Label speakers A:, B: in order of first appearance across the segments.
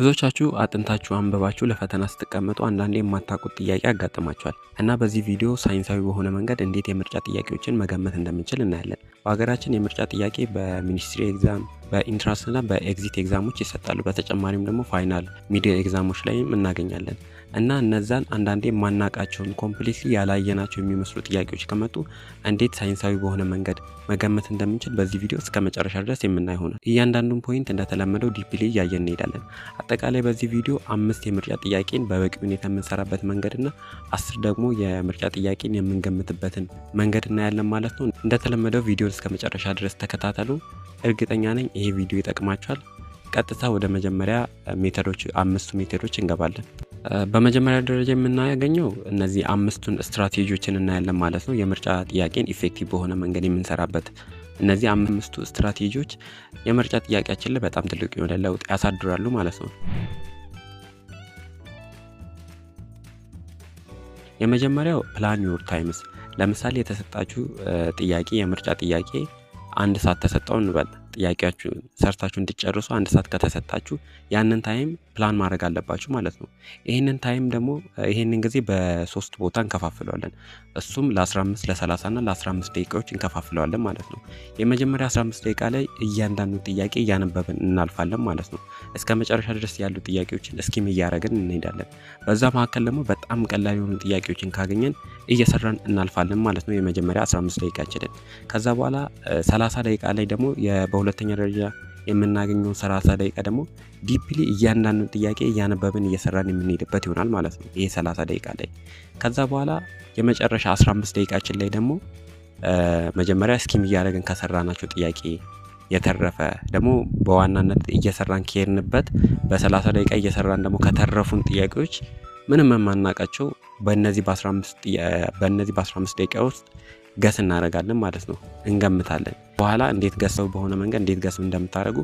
A: ብዙዎቻችሁ አጥንታችሁ አንብባችሁ ለፈተና ስትቀመጡ አንዳንዴ የማታውቁት ጥያቄ ያጋጥማችኋል እና በዚህ ቪዲዮ ሳይንሳዊ በሆነ መንገድ እንዴት የምርጫ ጥያቄዎችን መገመት እንደምንችል እናያለን። በሀገራችን የምርጫ ጥያቄ በሚኒስትሪ ኤግዛም፣ በኢንትራንስ እና በኤግዚት ኤግዛሞች ይሰጣሉ። በተጨማሪም ደግሞ ፋይናል ሚድ ኤግዛሞች ላይም እናገኛለን። እና እነዛን አንዳንዴ የማናቃቸውን ኮምፕሊትሊ ያላየናቸው የሚመስሉ ጥያቄዎች ከመጡ እንዴት ሳይንሳዊ በሆነ መንገድ መገመት እንደምንችል በዚህ ቪዲዮ እስከ መጨረሻ ድረስ የምናይ ሆናል። እያንዳንዱን ፖይንት እንደተለመደው ዲፕሊ እያየን እንሄዳለን። አጠቃላይ በዚህ ቪዲዮ አምስት የምርጫ ጥያቄን በበቂ ሁኔታ የምንሰራበት መንገድና አስር ደግሞ የምርጫ ጥያቄን የምንገምትበትን መንገድ እናያለን ማለት ነው። እንደተለመደው ቪዲዮን እስከ መጨረሻ ድረስ ተከታተሉ። እርግጠኛ ነኝ ይሄ ቪዲዮ ይጠቅማቸዋል ቀጥታ ወደ መጀመሪያ ሜተዶች አምስቱ ሜተዶች እንገባለን። በመጀመሪያ ደረጃ የምናገኘው እነዚህ አምስቱን ስትራቴጂዎችን እናያለን ማለት ነው። የምርጫ ጥያቄን ኢፌክቲቭ በሆነ መንገድ የምንሰራበት እነዚህ አምስቱ ስትራቴጂዎች የምርጫ ጥያቄያችን ላይ በጣም ትልቅ የሆነ ለውጥ ያሳድራሉ ማለት ነው። የመጀመሪያው ፕላን ዩር ታይምስ። ለምሳሌ የተሰጣችሁ ጥያቄ የምርጫ ጥያቄ አንድ ሰዓት ተሰጠው እንበል። ጥያቄያችሁ ሰርታችሁ እንድጨርሱ አንድ ሰዓት ከተሰጣችሁ ያንን ታይም ፕላን ማድረግ አለባችሁ ማለት ነው። ይህንን ታይም ደግሞ ይህንን ጊዜ በሶስት ቦታ እንከፋፍለዋለን። እሱም ለ15 ለ30 እና ለ15 ደቂቃዎች እንከፋፍለዋለን ማለት ነው። የመጀመሪያ 15 ደቂቃ ላይ እያንዳንዱ ጥያቄ እያነበብን እናልፋለን ማለት ነው። እስከ መጨረሻ ድረስ ያሉ ጥያቄዎችን እስኪም እያደረግን እንሄዳለን። በዛ መካከል ደግሞ በጣም ቀላል የሆኑ ጥያቄዎችን ካገኘን እየሰራን እናልፋለን ማለት ነው። የመጀመሪያ 15 ደቂቃችንን ከዛ በኋላ 30 ደቂቃ ላይ ደግሞ በሁለተኛ ደረጃ የምናገኘውን ሰላሳ ደቂቃ ደግሞ ዲፕሊ እያንዳንዱን ጥያቄ እያነበብን እየሰራን የምንሄድበት ይሆናል ማለት ነው። ይሄ ሰላሳ ደቂቃ ላይ ከዛ በኋላ የመጨረሻ 15 ደቂቃችን ላይ ደግሞ መጀመሪያ እስኪም እያደረግን ከሰራናቸው ጥያቄ የተረፈ ደግሞ በዋናነት እየሰራን ከሄድንበት በ30 ደቂቃ እየሰራን ደግሞ ከተረፉን ጥያቄዎች ምንም የማናቃቸው በእነዚህ በ15 ደቂቃ ውስጥ ገስ እናደርጋለን ማለት ነው። እንገምታለን። በኋላ እንዴት ገሰው በሆነ መንገድ እንዴት ገስ እንደምታደርጉ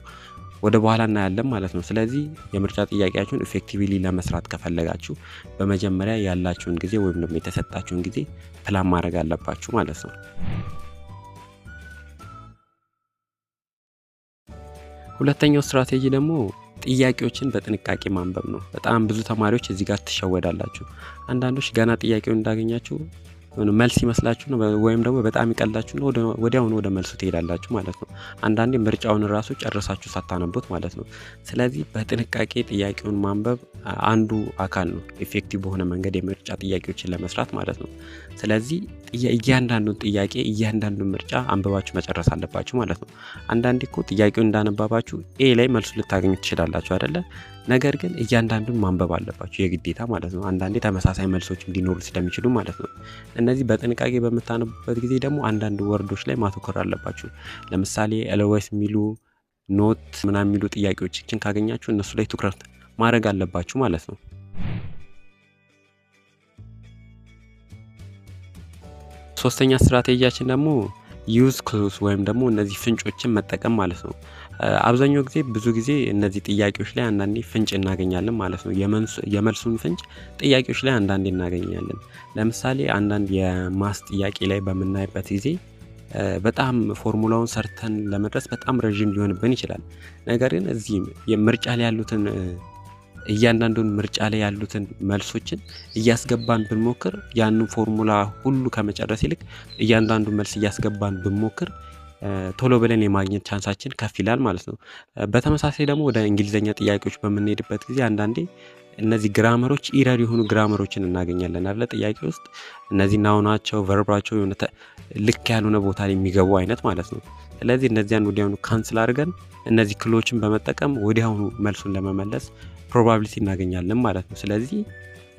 A: ወደ በኋላ እናያለን ማለት ነው። ስለዚህ የምርጫ ጥያቄያችሁን ኢፌክቲቭሊ ለመስራት ከፈለጋችሁ በመጀመሪያ ያላችሁን ጊዜ ወይም ደግሞ የተሰጣችሁን ጊዜ ፕላን ማድረግ አለባችሁ ማለት ነው። ሁለተኛው ስትራቴጂ ደግሞ ጥያቄዎችን በጥንቃቄ ማንበብ ነው። በጣም ብዙ ተማሪዎች እዚህ ጋር ትሸወዳላችሁ። አንዳንዶች ገና ጥያቄውን እንዳገኛችሁ መልስ ይመስላችሁ ወይም ደግሞ በጣም ይቀላችሁ ነው ወዲያውኑ ወደ መልሱ ትሄዳላችሁ ማለት ነው። አንዳንዴ ምርጫውን ራሱ ጨርሳችሁ ሳታነቡት ማለት ነው። ስለዚህ በጥንቃቄ ጥያቄውን ማንበብ አንዱ አካል ነው ኤፌክቲቭ በሆነ መንገድ የምርጫ ጥያቄዎችን ለመስራት ማለት ነው። ስለዚህ እያንዳንዱን ጥያቄ እያንዳንዱን ምርጫ አንብባችሁ መጨረስ አለባችሁ ማለት ነው። አንዳንዴ እኮ ጥያቄውን እንዳነባባችሁ ኤ ላይ መልሱ ልታገኙ ትችላላችሁ አይደለ? ነገር ግን እያንዳንዱን ማንበብ አለባቸው የግዴታ ማለት ነው። አንዳንዴ ተመሳሳይ መልሶች እንዲኖሩ ስለሚችሉ ማለት ነው። እነዚህ በጥንቃቄ በምታነቡበት ጊዜ ደግሞ አንዳንድ ወርዶች ላይ ማተኮር አለባችሁ። ለምሳሌ ኤለወስ የሚሉ ኖት ምናምን የሚሉ ጥያቄዎችን ካገኛችሁ እነሱ ላይ ትኩረት ማድረግ አለባችሁ ማለት ነው። ሶስተኛ ስትራቴጂያችን ደግሞ ዩዝ ክሉስ ወይም ደግሞ እነዚህ ፍንጮችን መጠቀም ማለት ነው። አብዛኛው ጊዜ ብዙ ጊዜ እነዚህ ጥያቄዎች ላይ አንዳንዴ ፍንጭ እናገኛለን ማለት ነው። የመልሱን ፍንጭ ጥያቄዎች ላይ አንዳንዴ እናገኛለን። ለምሳሌ አንዳንድ የማስ ጥያቄ ላይ በምናይበት ጊዜ በጣም ፎርሙላውን ሰርተን ለመድረስ በጣም ረዥም ሊሆንብን ይችላል። ነገር ግን እዚህ ምርጫ ላይ ያሉትን እያንዳንዱን ምርጫ ላይ ያሉትን መልሶችን እያስገባን ብንሞክር ያንን ፎርሙላ ሁሉ ከመጨረስ ይልቅ እያንዳንዱን መልስ እያስገባን ብንሞክር ቶሎ ብለን የማግኘት ቻንሳችን ከፍ ይላል ማለት ነው። በተመሳሳይ ደግሞ ወደ እንግሊዝኛ ጥያቄዎች በምንሄድበት ጊዜ አንዳንዴ እነዚህ ግራመሮች ኢረር የሆኑ ግራመሮችን እናገኛለን አለ ጥያቄ ውስጥ እነዚህ ናውናቸው ቨርብራቸው የሆነ ልክ ያልሆነ ቦታ ላይ የሚገቡ አይነት ማለት ነው። ስለዚህ እነዚያን ወዲያውኑ ካንስል አድርገን እነዚህ ክሎችን በመጠቀም ወዲያውኑ መልሱን ለመመለስ ፕሮባብሊቲ እናገኛለን ማለት ነው። ስለዚህ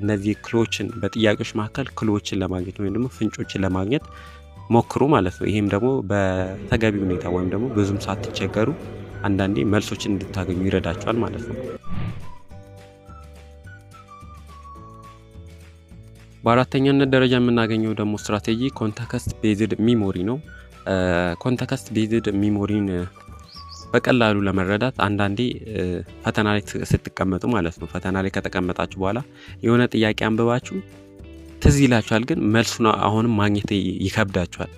A: እነዚህ ክሎችን በጥያቄዎች መካከል ክሎችን ለማግኘት ወይም ደግሞ ፍንጮችን ለማግኘት ሞክሩ ማለት ነው። ይሄም ደግሞ በተገቢ ሁኔታ ወይም ደግሞ ብዙም ሳትቸገሩ አንዳንዴ መልሶችን እንድታገኙ ይረዳቸዋል ማለት ነው። በአራተኛነት ደረጃ የምናገኘው ደግሞ ስትራቴጂ ኮንተክስት ቤዝድ ሚሞሪ ነው። ኮንተክስት ቤዝድ ሚሞሪን በቀላሉ ለመረዳት አንዳንዴ ፈተና ላይ ስትቀመጡ ማለት ነው። ፈተና ላይ ከተቀመጣችሁ በኋላ የሆነ ጥያቄ አንብባችሁ ትዝ ይላችኋል፣ ግን መልሱን አሁንም ማግኘት ይከብዳችኋል።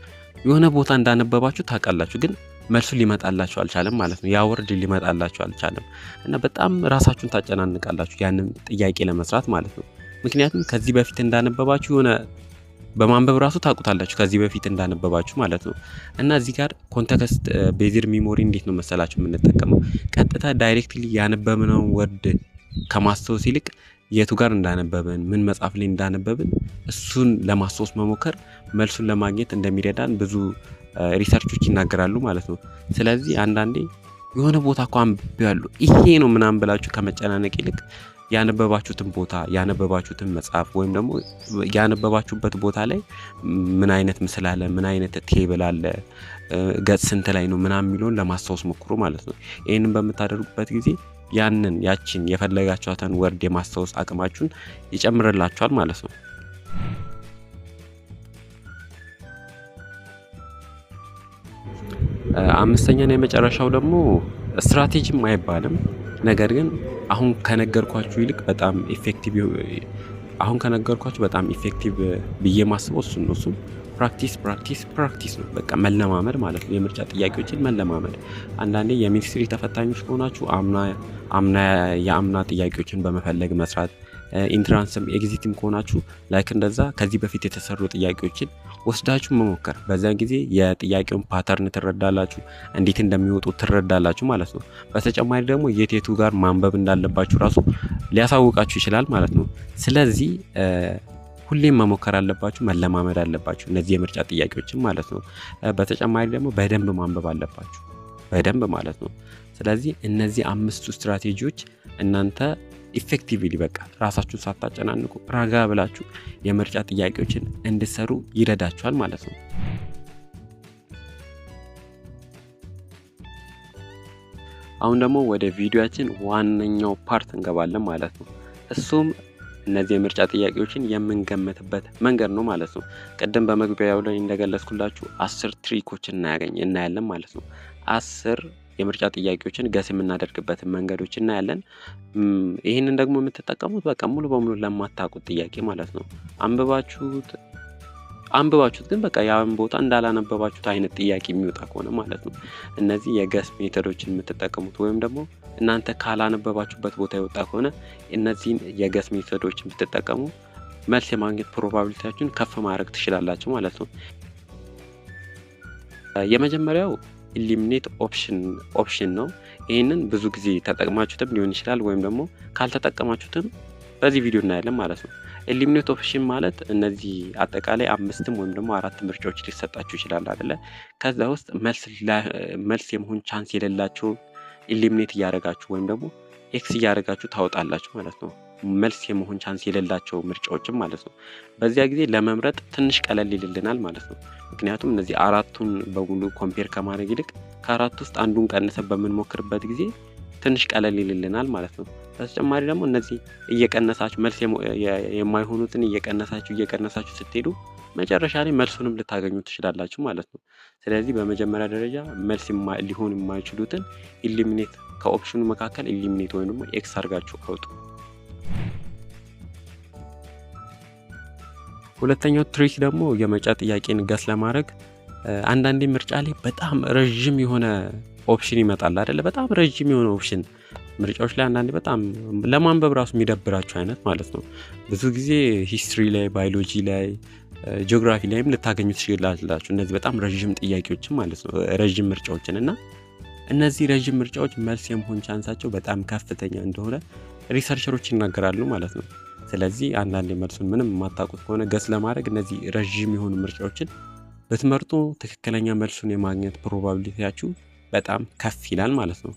A: የሆነ ቦታ እንዳነበባችሁ ታውቃላችሁ፣ ግን መልሱ ሊመጣላችሁ አልቻለም ማለት ነው። ያ ወርድ ሊመጣላችሁ አልቻለም እና በጣም ራሳችሁን ታጨናንቃላችሁ ያንን ጥያቄ ለመስራት ማለት ነው። ምክንያቱም ከዚህ በፊት እንዳነበባችሁ የሆነ በማንበብ ራሱ ታውቁታላችሁ ከዚህ በፊት እንዳነበባችሁ ማለት ነው። እና እዚህ ጋር ኮንተክስት ቤዝድ ሚሞሪ እንዴት ነው መሰላችሁ የምንጠቀመው? ቀጥታ ዳይሬክትሊ ያነበብነውን ወርድ ከማስታወስ ይልቅ የቱ ጋር እንዳነበብን ምን መጽሐፍ ላይ እንዳነበብን እሱን ለማስታወስ መሞከር መልሱን ለማግኘት እንደሚረዳን ብዙ ሪሰርቾች ይናገራሉ ማለት ነው። ስለዚህ አንዳንዴ የሆነ ቦታ እኮ ያሉ ይሄ ነው ምናምን ብላችሁ ከመጨናነቅ ይልቅ ያነበባችሁትን ቦታ ያነበባችሁትን መጽሐፍ ወይም ደግሞ ያነበባችሁበት ቦታ ላይ ምን አይነት ምስል አለ፣ ምን አይነት ቴብል አለ፣ ገጽ ስንት ላይ ነው ምናም የሚለውን ለማስታወስ ሞክሩ ማለት ነው። ይህንን በምታደርጉበት ጊዜ ያንን ያችን የፈለጋችኋትን ወርድ የማስታወስ አቅማችሁን ይጨምርላችኋል ማለት ነው። አምስተኛና የመጨረሻው ደግሞ ስትራቴጂም አይባልም፣ ነገር ግን አሁን ከነገርኳችሁ ይልቅ በጣም ኢፌክቲቭ አሁን ከነገርኳችሁ በጣም ኢፌክቲቭ ብዬ ማስበው እሱን ነው። ፕራክቲስ ፕራክቲስ ፕራክቲስ ነው። በቃ መለማመድ ማለት ነው። የምርጫ ጥያቄዎችን መለማመድ። አንዳንዴ የሚኒስትሪ ተፈታኞች ከሆናችሁ አምና የአምና ጥያቄዎችን በመፈለግ መስራት፣ ኢንትራንስም ኤግዚትም ከሆናችሁ ላይክ እንደዛ ከዚህ በፊት የተሰሩ ጥያቄዎችን ወስዳችሁ መሞከር። በዚያን ጊዜ የጥያቄውን ፓተርን ትረዳላችሁ፣ እንዴት እንደሚወጡ ትረዳላችሁ ማለት ነው። በተጨማሪ ደግሞ የቴቱ ጋር ማንበብ እንዳለባችሁ ራሱ ሊያሳውቃችሁ ይችላል ማለት ነው። ስለዚህ ሁሌም መሞከር አለባችሁ፣ መለማመድ አለባችሁ፣ እነዚህ የምርጫ ጥያቄዎችን ማለት ነው። በተጨማሪ ደግሞ በደንብ ማንበብ አለባችሁ፣ በደንብ ማለት ነው። ስለዚህ እነዚህ አምስቱ ስትራቴጂዎች እናንተ ኢፌክቲቭሊ በቃ ራሳችሁን ሳታጨናንቁ ረጋ ብላችሁ የምርጫ ጥያቄዎችን እንድሰሩ ይረዳችኋል ማለት ነው። አሁን ደግሞ ወደ ቪዲዮያችን ዋነኛው ፓርት እንገባለን ማለት ነው። እሱም እነዚህ የምርጫ ጥያቄዎችን የምንገምትበት መንገድ ነው ማለት ነው። ቅድም በመግቢያው ላይ እንደገለጽኩላችሁ አስር ትሪኮችን እናያገኝ እናያለን ማለት ነው። አስር የምርጫ ጥያቄዎችን ገስ የምናደርግበትን መንገዶች እናያለን። ይህንን ደግሞ የምትጠቀሙት በቃ ሙሉ በሙሉ ለማታውቁት ጥያቄ ማለት ነው። አንብባችሁት አንብባችሁት ግን በቃ ያን ቦታ እንዳላነበባችሁት አይነት ጥያቄ የሚወጣ ከሆነ ማለት ነው። እነዚህ የገስ ሜተዶችን የምትጠቀሙት ወይም ደግሞ እናንተ ካላነበባችሁበት ቦታ የወጣ ከሆነ እነዚህን የገስ ሜቶዶችን ብትጠቀሙ መልስ የማግኘት ፕሮባቢሊቲያችሁን ከፍ ማድረግ ትችላላችሁ ማለት ነው። የመጀመሪያው ኢሊሚኔት ኦፕሽን ነው። ይህንን ብዙ ጊዜ ተጠቅማችሁትም ሊሆን ይችላል ወይም ደግሞ ካልተጠቀማችሁትም በዚህ ቪዲዮ እናያለን ማለት ነው። ኢሊሚኔት ኦፕሽን ማለት እነዚህ አጠቃላይ አምስትም ወይም ደግሞ አራት ምርጫዎች ሊሰጣችሁ ይችላል አይደለ? ከዛ ውስጥ መልስ የመሆን ቻንስ የሌላቸው ኢሊሚኔት እያደረጋችሁ ወይም ደግሞ ኤክስ እያደረጋችሁ ታወጣላችሁ ማለት ነው። መልስ የመሆን ቻንስ የሌላቸው ምርጫዎችም ማለት ነው። በዚያ ጊዜ ለመምረጥ ትንሽ ቀለል ይልልናል ማለት ነው። ምክንያቱም እነዚህ አራቱን በሙሉ ኮምፔር ከማድረግ ይልቅ ከአራት ውስጥ አንዱን ቀንሰን በምንሞክርበት ጊዜ ትንሽ ቀለል ይልልናል ማለት ነው። በተጨማሪ ደግሞ እነዚህ እየቀነሳችሁ መልስ የማይሆኑትን እየቀነሳችሁ እየቀነሳችሁ ስትሄዱ መጨረሻ ላይ መልሱንም ልታገኙ ትችላላችሁ ማለት ነው። ስለዚህ በመጀመሪያ ደረጃ መልስ ሊሆን የማይችሉትን ኢሊሚኔት ከኦፕሽኑ መካከል ኢሊሚኔት ወይም ደግሞ ኤክስ አድርጋችሁ አውጡ። ሁለተኛው ትሪክ ደግሞ የመጫ ጥያቄን ገስ ለማድረግ አንዳንዴ ምርጫ ላይ በጣም ረዥም የሆነ ኦፕሽን ይመጣል አይደለ? በጣም ረዥም የሆነ ኦፕሽን ምርጫዎች ላይ አንዳንዴ በጣም ለማንበብ ራሱ የሚደብራቸው አይነት ማለት ነው። ብዙ ጊዜ ሂስትሪ ላይ፣ ባዮሎጂ ላይ፣ ጂኦግራፊ ላይም ልታገኙ ትችላላችሁ። እነዚህ በጣም ረዥም ጥያቄዎችን ማለት ነው ረዥም ምርጫዎችን እና እነዚህ ረዥም ምርጫዎች መልስ የመሆን ቻንሳቸው በጣም ከፍተኛ እንደሆነ ሪሰርቸሮች ይናገራሉ ማለት ነው። ስለዚህ አንዳንድ መልሱን ምንም የማታውቁት ከሆነ ገስ ለማድረግ እነዚህ ረዥም የሆኑ ምርጫዎችን ብትመርጡ ትክክለኛ መልሱን የማግኘት ፕሮባብሊቲያችሁ በጣም ከፍ ይላል ማለት ነው።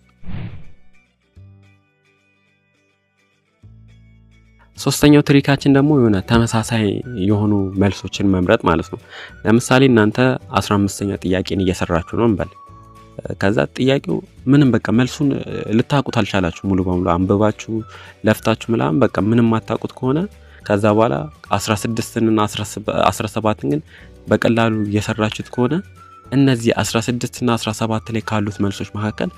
A: ሶስተኛው ትሪካችን ደግሞ የሆነ ተመሳሳይ የሆኑ መልሶችን መምረጥ ማለት ነው። ለምሳሌ እናንተ 15ኛ ጥያቄን እየሰራችሁ ነው እንበል። ከዛ ጥያቄው ምንም በቃ መልሱን ልታውቁት አልቻላችሁ፣ ሙሉ በሙሉ አንብባችሁ ለፍታችሁ ምናምን በቃ ምንም ማታውቁት ከሆነ ከዛ በኋላ 16ና 17ን ግን በቀላሉ እየሰራችሁት ከሆነ እነዚህ 16ና 17 ላይ ካሉት መልሶች መካከል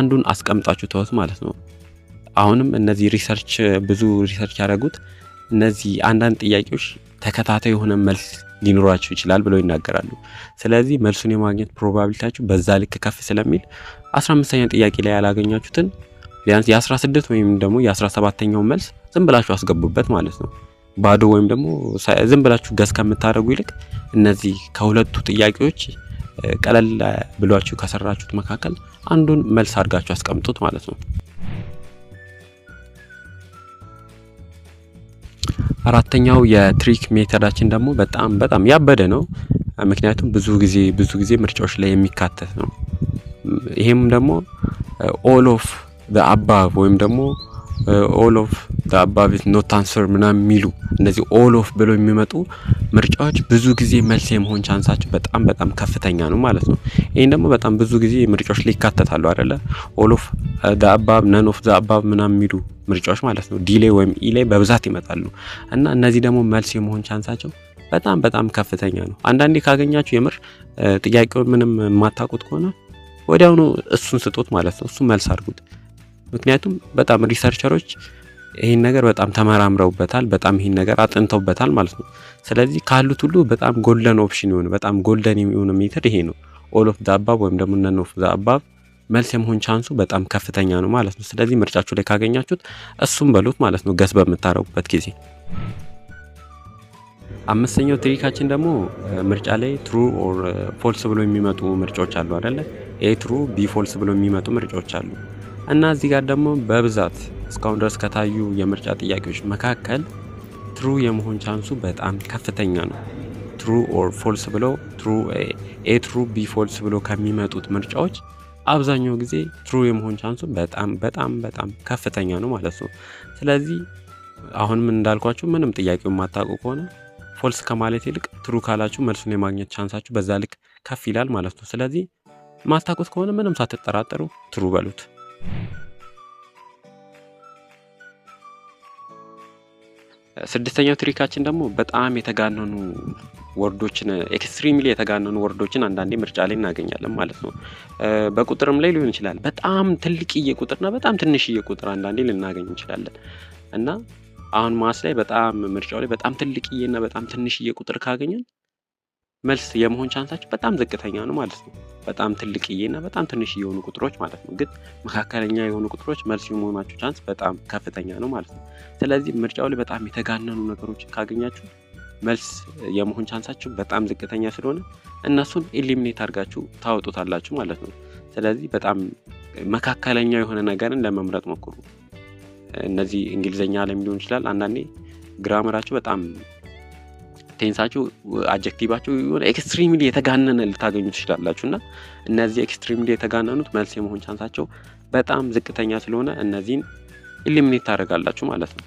A: አንዱን አስቀምጣችሁ ተወት ማለት ነው። አሁንም እነዚህ ሪሰርች ብዙ ሪሰርች ያደረጉት እነዚህ አንዳንድ ጥያቄዎች ተከታታይ የሆነ መልስ ሊኖራቸው ይችላል ብለው ይናገራሉ። ስለዚህ መልሱን የማግኘት ፕሮባቢሊቲያችሁ በዛ ልክ ከፍ ስለሚል 15ኛ ጥያቄ ላይ ያላገኛችሁትን ቢያንስ የ16 ወይም ደግሞ የ 17 መልስ ዝም ብላችሁ አስገቡበት ማለት ነው። ባዶ ወይም ደግሞ ዝም ብላችሁ ገስ ከምታደርጉ ይልቅ እነዚህ ከሁለቱ ጥያቄዎች ቀለል ብሏችሁ ከሰራችሁት መካከል አንዱን መልስ አድርጋችሁ አስቀምጡት ማለት ነው። አራተኛው የትሪክ ሜተዳችን ደግሞ በጣም በጣም ያበደ ነው። ምክንያቱም ብዙ ጊዜ ብዙ ጊዜ ምርጫዎች ላይ የሚካተት ነው። ይሄም ደግሞ ኦል ኦፍ ዘ አባቭ ወይም ደግሞ ኦል ኦፍ ዘ አባቭ ኢዝ ኖት አንሰር ምናምን የሚሉ እነዚህ ኦል ኦፍ ብሎ የሚመጡ ምርጫዎች ብዙ ጊዜ መልስ የመሆን ቻንሳቸው በጣም በጣም ከፍተኛ ነው ማለት ነው። ይህን ደግሞ በጣም ብዙ ጊዜ ምርጫዎች ላይ ይካተታሉ አይደለ? ኦል ኦፍ ዘ አባቭ ነን ኦፍ ዘ አባቭ ምናምን የሚሉ ምርጫዎች ማለት ነው ዲሌ ወይም ኢ ላይ በብዛት ይመጣሉ እና እነዚህ ደግሞ መልስ የመሆን ቻንሳቸው በጣም በጣም ከፍተኛ ነው። አንዳንዴ ካገኛችሁ የምር ጥያቄውን ምንም የማታውቁት ከሆነ ወዲያውኑ እሱን ስጡት ማለት ነው፣ እሱን መልስ አድርጉት። ምክንያቱም በጣም ሪሰርቸሮች ይህን ነገር በጣም ተመራምረውበታል፣ በጣም ይህን ነገር አጥንተውበታል ማለት ነው። ስለዚህ ካሉት ሁሉ በጣም ጎልደን ኦፕሽን የሆነ በጣም ጎልደን የሆነ ሜትር ይሄ ነው። ኦል ኦፍ ዛአባብ ወይም ደግሞ ነን ኦፍ ዛአባብ መልስ የመሆን ቻንሱ በጣም ከፍተኛ ነው ማለት ነው። ስለዚህ ምርጫችሁ ላይ ካገኛችሁት እሱም በሉት ማለት ነው ገስ በምታረጉበት ጊዜ። አምስተኛው ትሪካችን ደግሞ ምርጫ ላይ ትሩ ኦር ፎልስ ብሎ የሚመጡ ምርጫዎች አሉ አይደለ? ኤ ትሩ ቢ ፎልስ ብሎ የሚመጡ ምርጫዎች አሉ እና እዚህ ጋር ደግሞ በብዛት እስካሁን ድረስ ከታዩ የምርጫ ጥያቄዎች መካከል ትሩ የመሆን ቻንሱ በጣም ከፍተኛ ነው። ትሩ ኦር ፎልስ ብሎ ትሩ ኤ ትሩ ቢ ፎልስ ብሎ ከሚመጡት ምርጫዎች አብዛኛው ጊዜ ትሩ የመሆን ቻንሱ በጣም በጣም በጣም ከፍተኛ ነው ማለት ነው። ስለዚህ አሁንም እንዳልኳችሁ ምንም ጥያቄው የማታውቁ ከሆነ ፎልስ ከማለት ይልቅ ትሩ ካላችሁ መልሱን የማግኘት ቻንሳችሁ በዛ ልክ ከፍ ይላል ማለት ነው። ስለዚህ ማታውቁት ከሆነ ምንም ሳትጠራጠሩ ትሩ በሉት። ስድስተኛው ትሪካችን ደግሞ በጣም የተጋነኑ ወርዶችን ኤክስትሪምሊ የተጋነኑ ወርዶችን አንዳንዴ ምርጫ ላይ እናገኛለን ማለት ነው። በቁጥርም ላይ ሊሆን ይችላል። በጣም ትልቅዬ ቁጥርና በጣም ትንሽዬ ቁጥር አንዳንዴ ልናገኝ እንችላለን እና አሁን ማስ ላይ በጣም ምርጫው ላይ በጣም ትልቅዬና በጣም ትንሽዬ ቁጥር ካገኘን መልስ የመሆን ቻንሳቸው በጣም ዝቅተኛ ነው ማለት ነው። በጣም ትልቅዬና በጣም ትንሽ የሆኑ ቁጥሮች ማለት ነው። ግን መካከለኛ የሆኑ ቁጥሮች መልስ የመሆናቸው ቻንስ በጣም ከፍተኛ ነው ማለት ነው። ስለዚህ ምርጫው ላይ በጣም የተጋነኑ ነገሮችን ካገኛችሁ መልስ የመሆን ቻንሳችሁ በጣም ዝቅተኛ ስለሆነ እነሱን ኢሊሚኔት አድርጋችሁ ታወጡታላችሁ ማለት ነው። ስለዚህ በጣም መካከለኛ የሆነ ነገርን ለመምረጥ ሞክሩ። እነዚህ እንግሊዝኛ ዓለም ሊሆን ይችላል። አንዳንዴ ግራመራችሁ በጣም ቴንሳችሁ፣ አጀክቲቫችሁ የሆነ ኤክስትሪምሊ የተጋነነ ልታገኙ ትችላላችሁ እና እነዚህ ኤክስትሪምሊ የተጋነኑት መልስ የመሆን ቻንሳቸው በጣም ዝቅተኛ ስለሆነ እነዚህን ኢሊሚኔት ታደርጋላችሁ ማለት ነው።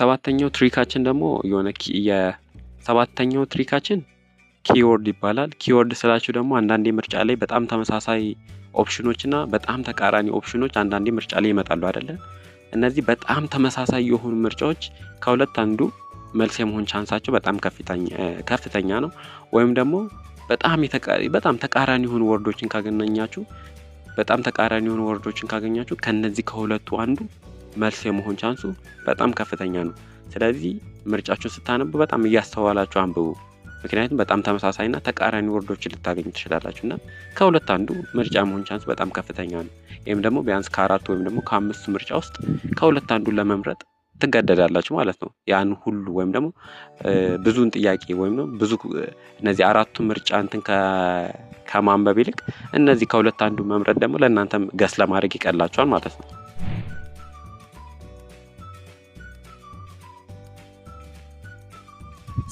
A: ሰባተኛው ትሪካችን ደግሞ የሆነ የሰባተኛው ትሪካችን ኪወርድ ይባላል። ኪወርድ ስላችሁ ደግሞ አንዳንዴ ምርጫ ላይ በጣም ተመሳሳይ ኦፕሽኖች እና በጣም ተቃራኒ ኦፕሽኖች አንዳንዴ ምርጫ ላይ ይመጣሉ አይደለ? እነዚህ በጣም ተመሳሳይ የሆኑ ምርጫዎች ከሁለት አንዱ መልስ የመሆን ቻንሳቸው በጣም ከፍተኛ ነው። ወይም ደግሞ በጣም ተቃራኒ የሆኑ ወርዶችን ካገናኛችሁ በጣም ተቃራኒ የሆኑ ወርዶችን ካገኛችሁ ከነዚህ ከሁለቱ አንዱ መልስ የመሆን ቻንሱ በጣም ከፍተኛ ነው። ስለዚህ ምርጫችሁን ስታነቡ በጣም እያስተዋላችሁ አንብቡ። ምክንያቱም በጣም ተመሳሳይና ተቃራኒ ወርዶችን ልታገኙ ትችላላችሁ እና ከሁለት አንዱ ምርጫ መሆን ቻንስ በጣም ከፍተኛ ነው። ይህም ደግሞ ቢያንስ ከአራት ወይም ደግሞ ከአምስቱ ምርጫ ውስጥ ከሁለት አንዱን ለመምረጥ ትገደዳላችሁ ማለት ነው። ያን ሁሉ ወይም ደግሞ ብዙን ጥያቄ ወይም ደግሞ ብዙ እነዚህ አራቱ ምርጫ እንትን ከማንበብ ይልቅ እነዚህ ከሁለት አንዱ መምረጥ ደግሞ ለእናንተም ገስ ለማድረግ ይቀላችኋል ማለት ነው።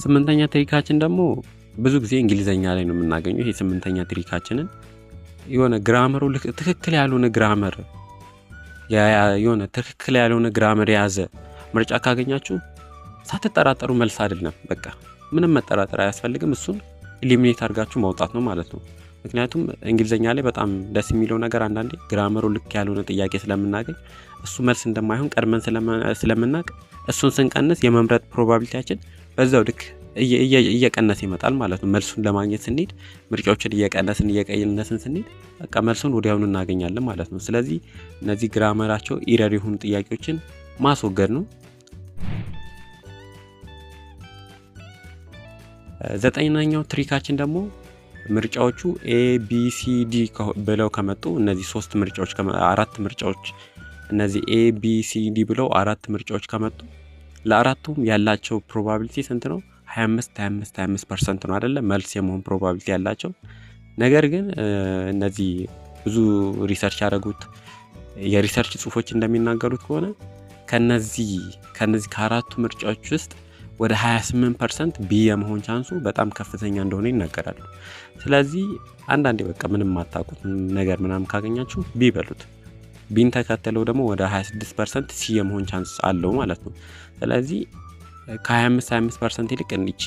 A: ስምንተኛ ትሪካችን ደግሞ ብዙ ጊዜ እንግሊዘኛ ላይ ነው የምናገኘው። ይሄ ስምንተኛ ትሪካችንን የሆነ ግራመሩ ትክክል ያልሆነ ግራመር የሆነ ትክክል ያልሆነ ግራመር የያዘ ምርጫ ካገኛችሁ ሳትጠራጠሩ መልስ አይደለም፣ በቃ ምንም መጠራጠር አያስፈልግም። እሱን ኢሊሚኔት አድርጋችሁ ማውጣት ነው ማለት ነው። ምክንያቱም እንግሊዝኛ ላይ በጣም ደስ የሚለው ነገር አንዳንዴ ግራመሩ ልክ ያልሆነ ጥያቄ ስለምናገኝ እሱ መልስ እንደማይሆን ቀድመን ስለምናቅ እሱን ስንቀንስ የመምረጥ ፕሮባቢሊቲያችን በዛው ልክ እየቀነሰ ይመጣል ማለት ነው። መልሱን ለማግኘት ስንሄድ ምርጫዎችን እየቀነስን እየቀነስን ስንሄድ በቃ መልሱን ወዲያውኑ እናገኛለን ማለት ነው። ስለዚህ እነዚህ ግራመራቸው ኢረር የሆኑ ጥያቄዎችን ማስወገድ ነው። ዘጠነኛው ትሪካችን ደግሞ ምርጫዎቹ ኤ ቢ ሲ ዲ ብለው ከመጡ እነዚህ ሶስት ምርጫዎች አራት ምርጫዎች እነዚህ ኤ ቢ ሲ ዲ ብለው አራት ምርጫዎች ከመጡ ለአራቱም ያላቸው ፕሮባቢሊቲ ስንት ነው? 25 25 25 ፐርሰንት ነው አይደለም መልስ የመሆን ፕሮባቢሊቲ ያላቸው። ነገር ግን እነዚህ ብዙ ሪሰርች ያደረጉት የሪሰርች ጽሁፎች እንደሚናገሩት ከሆነ ከነዚህ ከነዚህ ከአራቱ ምርጫዎች ውስጥ ወደ 28 ፐርሰንት ቢ የመሆን ቻንሱ በጣም ከፍተኛ እንደሆነ ይናገራሉ። ስለዚህ አንዳንዴ በቃ ምንም ማታውቁት ነገር ምናምን ካገኛችሁ ቢ በሉት። ቢን ተከተለው ደግሞ ወደ 26 ፐርሰንት ሲ የመሆን ቻንስ አለው ማለት ነው። ስለዚህ ከ25 25 ፐርሰንት ይልቅ እቺ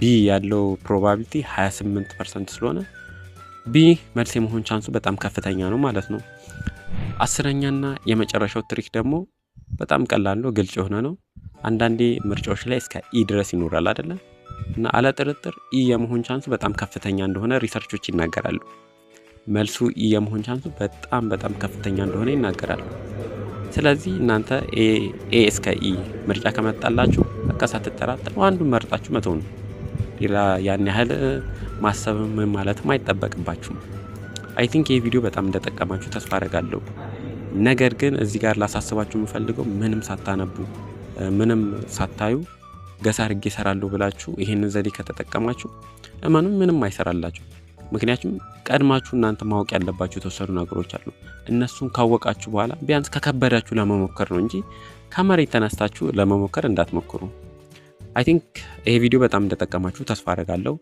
A: ቢ ያለው ፕሮባቢሊቲ 28 ፐርሰንት ስለሆነ ቢ መልስ የመሆን ቻንሱ በጣም ከፍተኛ ነው ማለት ነው። አስረኛና የመጨረሻው ትሪክ ደግሞ በጣም ቀላል ነው፣ ግልጽ የሆነ ነው። አንዳንዴ ምርጫዎች ላይ እስከ ኢ ድረስ ይኖራል አይደለም እና አለ ጥርጥር ኢ የመሆን ቻንሱ በጣም ከፍተኛ እንደሆነ ሪሰርቾች ይናገራሉ። መልሱ ኢ የመሆን ቻንሱ በጣም በጣም ከፍተኛ እንደሆነ ይናገራል። ስለዚህ እናንተ ኤ እስከ ኢ ምርጫ ከመጣላችሁ በቃ ሳትጠራጠሩ አንዱን መርጣችሁ መተው ነው። ሌላ ያን ያህል ማሰብም ማለትም አይጠበቅባችሁም። አይ ቲንክ ይህ ቪዲዮ በጣም እንደጠቀማችሁ ተስፋ አረጋለሁ። ነገር ግን እዚህ ጋር ላሳስባችሁ የምፈልገው ምንም ሳታነቡ ምንም ሳታዩ ገሳ ርጌ እሰራለሁ ብላችሁ ይህንን ዘዴ ከተጠቀማችሁ እመኑም ምንም አይሰራላችሁ። ምክንያቱም ቀድማችሁ እናንተ ማወቅ ያለባችሁ የተወሰኑ ነገሮች አሉ። እነሱን ካወቃችሁ በኋላ ቢያንስ ከከበዳችሁ ለመሞከር ነው እንጂ ከመሬት ተነስታችሁ ለመሞከር እንዳትሞክሩ። አይ ቲንክ ይሄ ቪዲዮ በጣም እንደጠቀማችሁ ተስፋ አደርጋለሁ።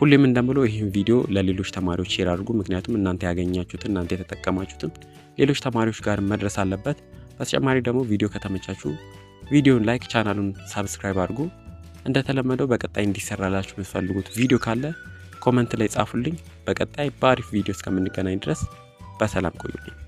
A: ሁሌም እንደምለው ይህን ቪዲዮ ለሌሎች ተማሪዎች ሼር አድርጉ። ምክንያቱም እናንተ ያገኛችሁትን እናንተ የተጠቀማችሁትም ሌሎች ተማሪዎች ጋር መድረስ አለበት። በተጨማሪ ደግሞ ቪዲዮ ከተመቻችሁ ቪዲዮን ላይክ፣ ቻናሉን ሳብስክራይብ አድርጉ። እንደተለመደው በቀጣይ እንዲሰራላችሁ የምትፈልጉት ቪዲዮ ካለ ኮመንት ላይ ጻፉልኝ። በቀጣይ በአሪፍ ቪዲዮ እስከምንገናኝ ድረስ በሰላም ቆዩልኝ።